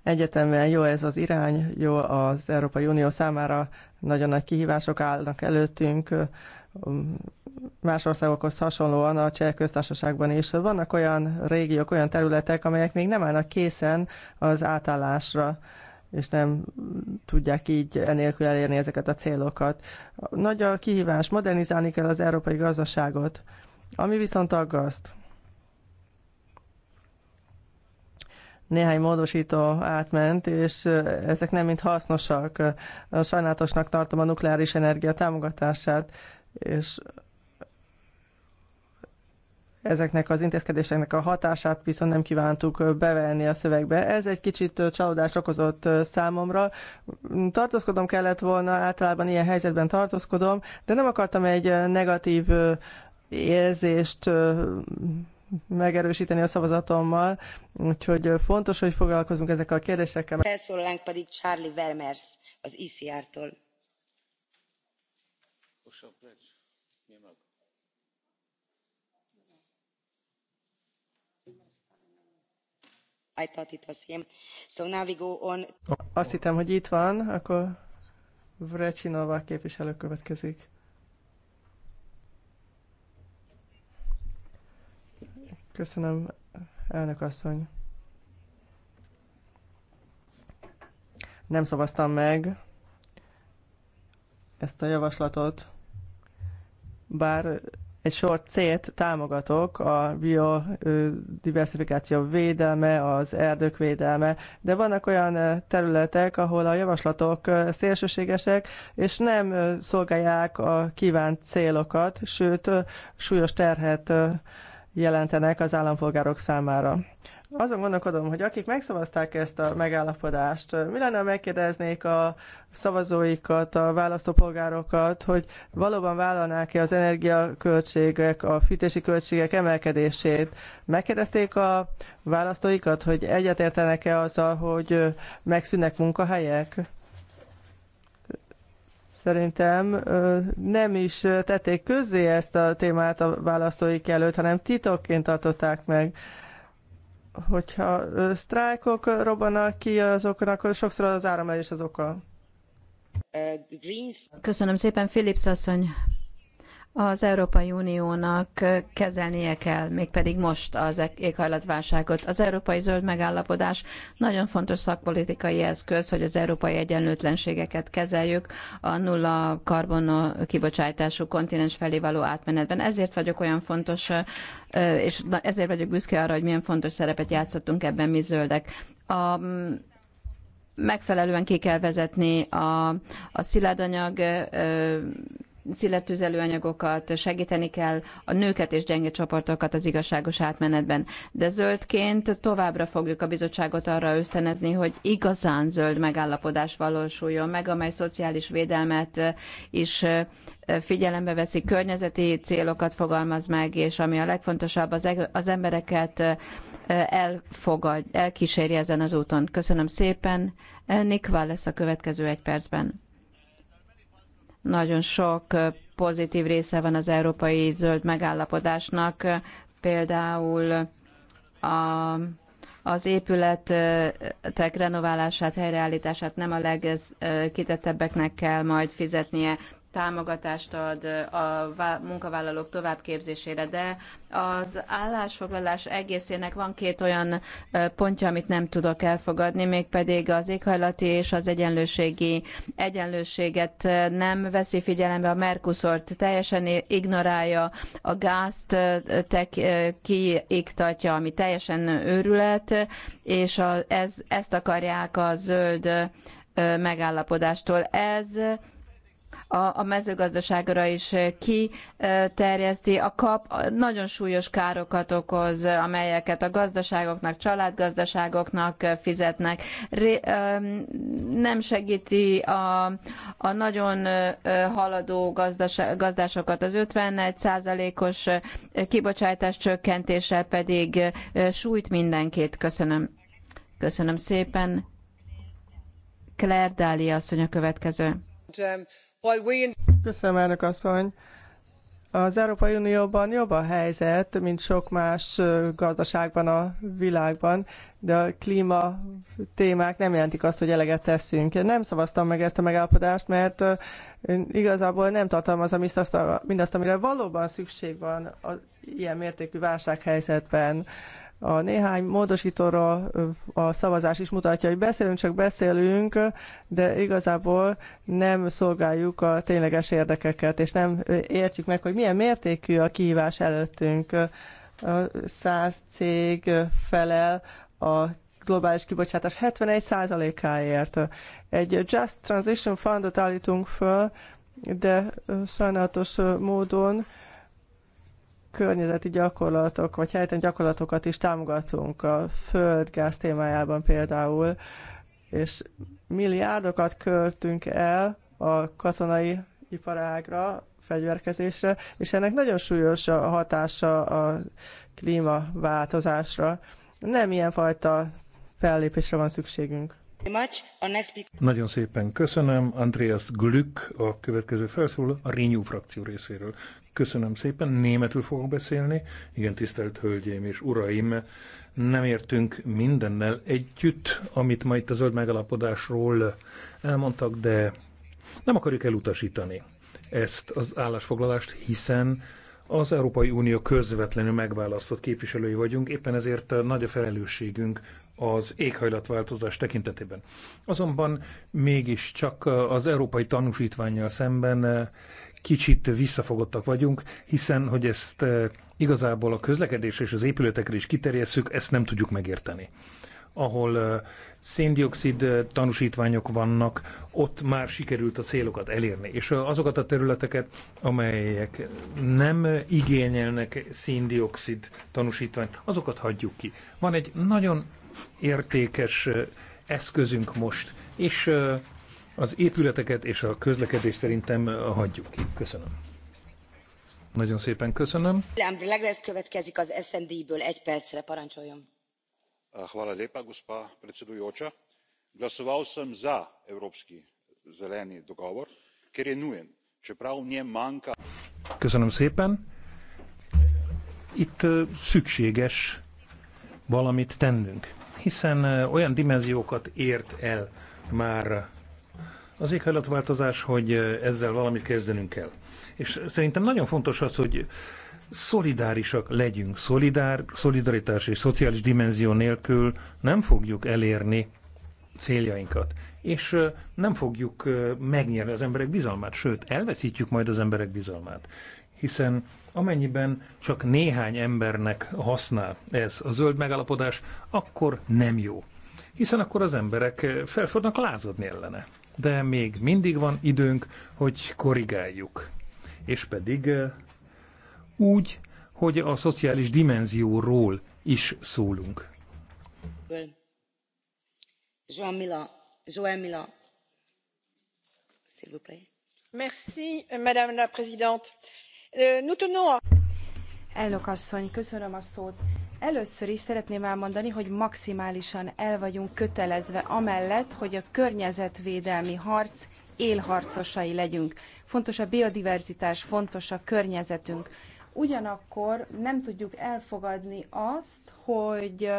Egyetemben jó ez az irány, jó az Európai Unió számára, nagyon nagy kihívások állnak előttünk, um, más országokhoz hasonlóan a cseh köztársaságban is. Vannak olyan régiók, olyan területek, amelyek még nem állnak készen az átállásra és nem tudják így enélkül elérni ezeket a célokat. Nagy a kihívás, modernizálni kell az európai gazdaságot. Ami viszont aggaszt, néhány módosító átment, és ezek nem mint hasznosak. Sajnálatosnak tartom a nukleáris energia támogatását, és ezeknek az intézkedéseknek a hatását viszont nem kívántuk bevenni a szövegbe. Ez egy kicsit csalódást okozott számomra. Tartózkodom kellett volna, általában ilyen helyzetben tartózkodom, de nem akartam egy negatív érzést megerősíteni a szavazatommal, úgyhogy fontos, hogy foglalkozunk ezekkel a kérdésekkel. Felszólalánk pedig Charlie Vermers az ICR-tól. I thought it was him. So now we go on. Azt hittem, hogy itt van, akkor Vrecsinová képviselő következik. Köszönöm, elnök asszony. Nem szavaztam meg ezt a javaslatot, bár egy sor célt támogatok, a biodiversifikáció védelme, az erdők védelme, de vannak olyan területek, ahol a javaslatok szélsőségesek, és nem szolgálják a kívánt célokat, sőt, súlyos terhet jelentenek az állampolgárok számára. Azon gondolkodom, hogy akik megszavazták ezt a megállapodást, mi lenne, ha megkérdeznék a szavazóikat, a választópolgárokat, hogy valóban vállalnák-e az energiaköltségek, a fűtési költségek emelkedését. Megkérdezték a választóikat, hogy egyetértenek-e azzal, hogy megszűnnek munkahelyek? szerintem nem is tették közzé ezt a témát a választóik előtt, hanem titokként tartották meg. Hogyha sztrájkok robbannak ki azoknak, sokszor az áramelés az oka. Uh, Köszönöm szépen, Philips asszony az Európai Uniónak kezelnie kell, mégpedig most az éghajlatválságot. Az Európai Zöld Megállapodás nagyon fontos szakpolitikai eszköz, hogy az európai egyenlőtlenségeket kezeljük a nulla karbon kibocsátású kontinens felé való átmenetben. Ezért vagyok olyan fontos, és ezért vagyok büszke arra, hogy milyen fontos szerepet játszottunk ebben mi zöldek. A megfelelően ki kell vezetni a, a szilárdanyag sziletüzelőanyagokat, segíteni kell a nőket és gyenge csoportokat az igazságos átmenetben. De zöldként továbbra fogjuk a bizottságot arra ösztönezni, hogy igazán zöld megállapodás valósuljon meg, amely szociális védelmet is figyelembe veszi, környezeti célokat fogalmaz meg, és ami a legfontosabb, az, e-, az embereket elfogad, elkíséri ezen az úton. Köszönöm szépen. Nick Wallace a következő egy percben. Nagyon sok pozitív része van az európai zöld megállapodásnak, például a, az épületek renoválását, helyreállítását nem a legkitettebbeknek kell majd fizetnie, támogatást ad a munkavállalók továbbképzésére, de az állásfoglalás egészének van két olyan pontja, amit nem tudok elfogadni, mégpedig az éghajlati és az egyenlőségi egyenlőséget nem veszi figyelembe a Mercosort, teljesen ignorálja a gázt, te kiiktatja, ami teljesen őrület, és a, ez, ezt akarják a zöld megállapodástól. Ez a, a mezőgazdaságra is eh, kiterjeszti. A kap nagyon súlyos károkat okoz, amelyeket a gazdaságoknak, családgazdaságoknak eh, fizetnek. Ré, nem segíti a, a nagyon eh, haladó gazdásokat. Az 51 százalékos kibocsátás csökkentése pedig sújt mindenkit. Köszönöm. Köszönöm szépen. Claire Dália asszony a következő. Köszönöm, elnök asszony. Az Európai Unióban jobb a helyzet, mint sok más gazdaságban a világban, de a klíma témák nem jelentik azt, hogy eleget teszünk. Én nem szavaztam meg ezt a megállapodást, mert igazából nem tartalmaz mindazt, amire valóban szükség van az ilyen mértékű válsághelyzetben. A néhány módosítóra a szavazás is mutatja, hogy beszélünk, csak beszélünk, de igazából nem szolgáljuk a tényleges érdekeket, és nem értjük meg, hogy milyen mértékű a kihívás előttünk. Száz cég felel a globális kibocsátás 71%-áért. Egy Just Transition Fundot állítunk föl, de sajnálatos módon környezeti gyakorlatok, vagy helyten gyakorlatokat is támogatunk a földgáz témájában például, és milliárdokat költünk el a katonai iparágra, fegyverkezésre, és ennek nagyon súlyos a hatása a klímaváltozásra. Nem ilyen fajta fellépésre van szükségünk. Nagyon szépen köszönöm. Andreas Glück a következő felszól a Renew frakció részéről. Köszönöm szépen, németül fogok beszélni. Igen, tisztelt Hölgyeim és Uraim, nem értünk mindennel együtt, amit ma itt a zöld megalapodásról elmondtak, de nem akarjuk elutasítani ezt az állásfoglalást, hiszen az Európai Unió közvetlenül megválasztott képviselői vagyunk, éppen ezért nagy a felelősségünk az éghajlatváltozás tekintetében. Azonban mégiscsak az európai tanúsítványjal szemben kicsit visszafogottak vagyunk, hiszen hogy ezt eh, igazából a közlekedés és az épületekre is kiterjesszük, ezt nem tudjuk megérteni. Ahol eh, széndiokszid eh, tanúsítványok vannak, ott már sikerült a célokat elérni. És azokat a területeket, amelyek nem igényelnek széndiokszid tanúsítványt, azokat hagyjuk ki. Van egy nagyon értékes eszközünk most, és az épületeket és a közlekedést szerintem hagyjuk ki. Köszönöm. Nagyon szépen köszönöm. Legvesz következik az SND-ből egy percre, parancsoljon. Eh, hvala lepa, gospa predsedujoča. Glasoval sem za európski zeleni dogovor, ker je nujen, čeprav v njem Köszönöm szépen. Itt eh, szükséges valamit tennünk, hiszen eh, olyan dimenziókat ért el már az éghajlatváltozás, hogy ezzel valamit kezdenünk kell. És szerintem nagyon fontos az, hogy szolidárisak legyünk. Szolidár, szolidaritás és szociális dimenzió nélkül nem fogjuk elérni céljainkat. És nem fogjuk megnyerni az emberek bizalmát, sőt, elveszítjük majd az emberek bizalmát. Hiszen amennyiben csak néhány embernek használ ez a zöld megállapodás, akkor nem jó. Hiszen akkor az emberek fel fognak lázadni ellene de még mindig van időnk, hogy korrigáljuk. És pedig úgy, hogy a szociális dimenzióról is szólunk. Joan Mila, Joan Mila, s'il vous plaît. Merci, Madame la Présidente. Euh, nous tenons à... Elnök asszony, köszönöm a szót. Először is szeretném elmondani, hogy maximálisan el vagyunk kötelezve amellett, hogy a környezetvédelmi harc élharcosai legyünk. Fontos a biodiverzitás, fontos a környezetünk. Ugyanakkor nem tudjuk elfogadni azt, hogy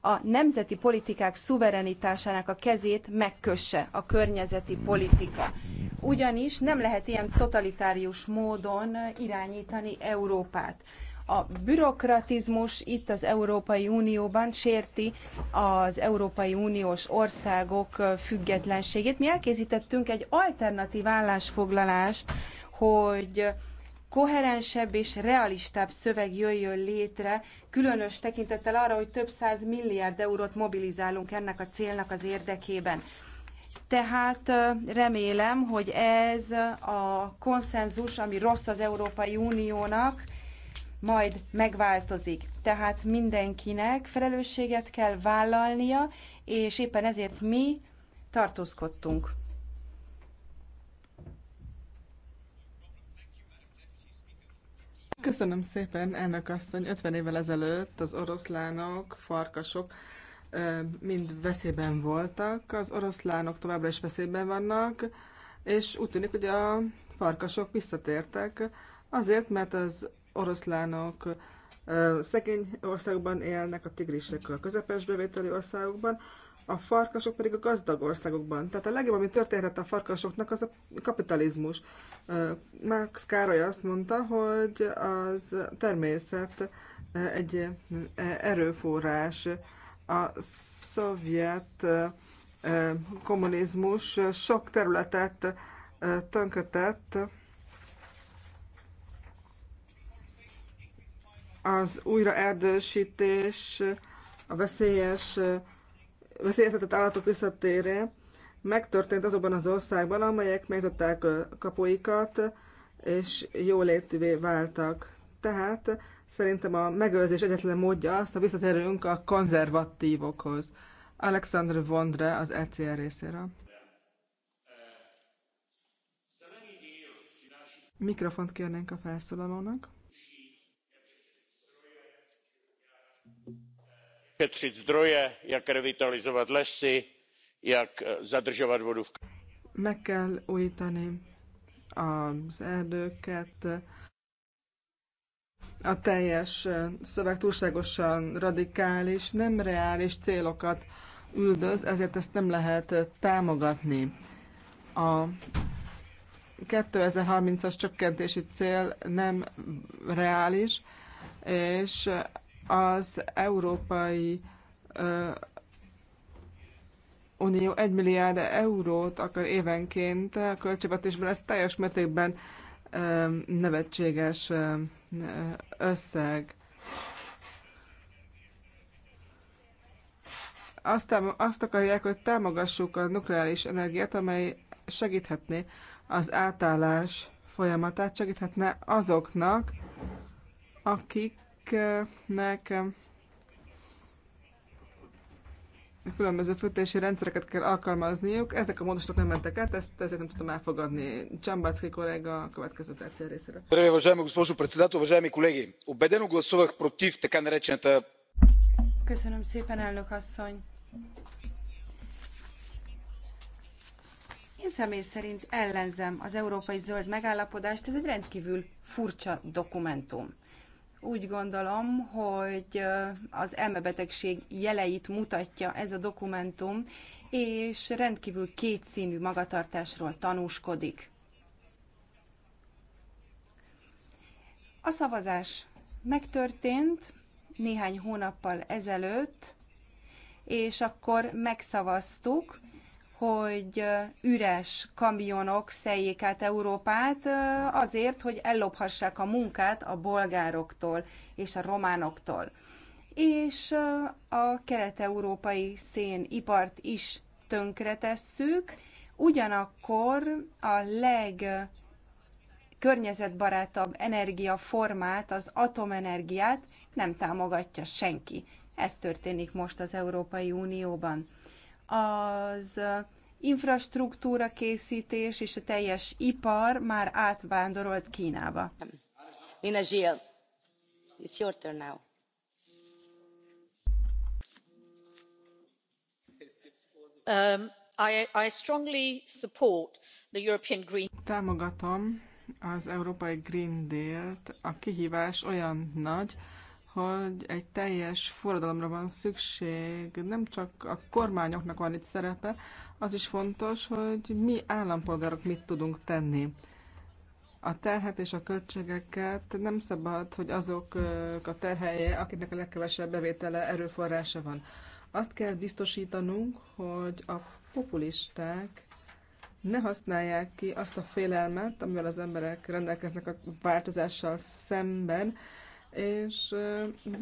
a nemzeti politikák szuverenitásának a kezét megkösse a környezeti politika. Ugyanis nem lehet ilyen totalitárius módon irányítani Európát. A bürokratizmus itt az Európai Unióban sérti az Európai Uniós országok függetlenségét. Mi elkészítettünk egy alternatív állásfoglalást, hogy koherensebb és realistább szöveg jöjjön létre, különös tekintettel arra, hogy több száz milliárd eurót mobilizálunk ennek a célnak az érdekében. Tehát remélem, hogy ez a konszenzus, ami rossz az Európai Uniónak, majd megváltozik. Tehát mindenkinek felelősséget kell vállalnia, és éppen ezért mi tartózkodtunk. Köszönöm szépen, elnök asszony. 50 évvel ezelőtt az oroszlánok, farkasok mind veszélyben voltak. Az oroszlánok továbbra is veszélyben vannak, és úgy tűnik, hogy a farkasok visszatértek, azért, mert az oroszlánok szegény országban élnek, a tigrisek a közepes bevételi országokban, a farkasok pedig a gazdag országokban. Tehát a legjobb, ami történhetett a farkasoknak, az a kapitalizmus. Max Károly azt mondta, hogy az természet egy erőforrás. A szovjet kommunizmus sok területet tönkretett, az újraerdősítés, a veszélyes, veszélyeztetett állatok visszatére megtörtént azokban az országban, amelyek megtudták kapuikat, és jólétűvé váltak. Tehát szerintem a megőrzés egyetlen módja az, ha visszatérünk a konzervatívokhoz. Alexander Vondre az ECR részéről. Mikrofont kérnénk a felszólalónak. šetřit zdroje jak revitalizovat lesy jak eh, zadržovat vodu v. meg kell újítani az erdőket. A teljes eh, szöveg túlságosan radikális, nem reális célokat üldöz, ezért ezt nem lehet eh, támogatni. A 2030-as csökkentési cél nem reális, és az Európai Unió 1 milliárd eurót akar évenként a költségvetésben, ez teljes mértékben nevetséges összeg. Azt, azt akarják, hogy támogassuk a nukleáris energiát, amely segíthetné az átállás folyamatát, segíthetne azoknak, akik cégeknek különböző fűtési rendszereket kell alkalmazniuk. Ezek a módosok nem mentek át, ezt ezért nem tudom elfogadni. Csambacki kollega a következő tárcél részére. Здравей, уважаема госпожо председател, уважаеми колеги! Обедено гласувах против така наречената... Köszönöm szépen, elnök asszony! Én személy szerint ellenzem az európai zöld megállapodást, ez egy rendkívül furcsa dokumentum. Úgy gondolom, hogy az elmebetegség jeleit mutatja ez a dokumentum, és rendkívül kétszínű magatartásról tanúskodik. A szavazás megtörtént néhány hónappal ezelőtt, és akkor megszavaztuk, hogy üres kamionok szeljék át Európát azért, hogy ellophassák a munkát a bolgároktól és a románoktól. És a kelet-európai szénipart is tönkretesszük, ugyanakkor a leg környezetbarátabb energiaformát, az atomenergiát nem támogatja senki. Ez történik most az Európai Unióban az infrastruktúra készítés és a teljes ipar már átvándorolt Kínába. Nina Gill, it's your turn now. Um, I, I strongly support the European Green. Támogatom az Európai Green Deal-t. A kihívás olyan nagy, hogy egy teljes forradalomra van szükség. Nem csak a kormányoknak van itt szerepe, az is fontos, hogy mi állampolgárok mit tudunk tenni. A terhet és a költségeket nem szabad, hogy azok a terhelje, akinek a legkevesebb bevétele, erőforrása van. Azt kell biztosítanunk, hogy a populisták ne használják ki azt a félelmet, amivel az emberek rendelkeznek a változással szemben, és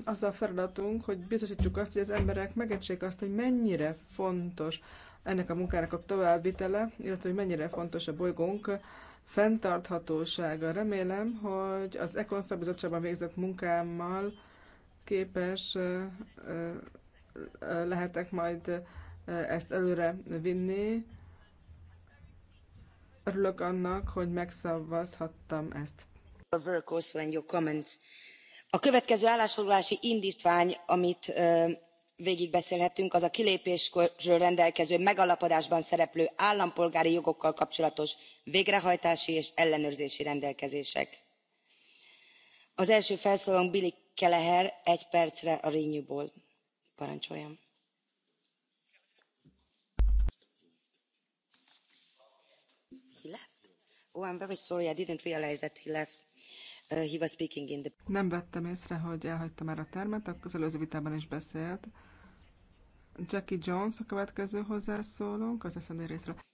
az a feladatunk, hogy biztosítsuk azt, hogy az emberek megértsék azt, hogy mennyire fontos ennek a munkának a továbbvitele, illetve hogy mennyire fontos a bolygónk fenntarthatósága. Remélem, hogy az Ekonszak Bizottságban végzett munkámmal képes lehetek majd ezt előre vinni. Örülök annak, hogy megszavazhattam ezt a következő állásfoglalási indtvány amit végigbeszélhetünk az a kilépésről rendelkező megállapodásban szereplő állampolgári jogokkal kapcsolatos végrehajtási és ellenőrzési rendelkezések. az első felszólaló billy kelleher egy percre a renew ból parancsoljon. he left. oh i'm very sorry i didn't that he left. Uh, Nem vettem észre, hogy elhagyta már a termet, az előző vitában is beszélt. Jackie Jones a következő hozzászólónk az SZND részről.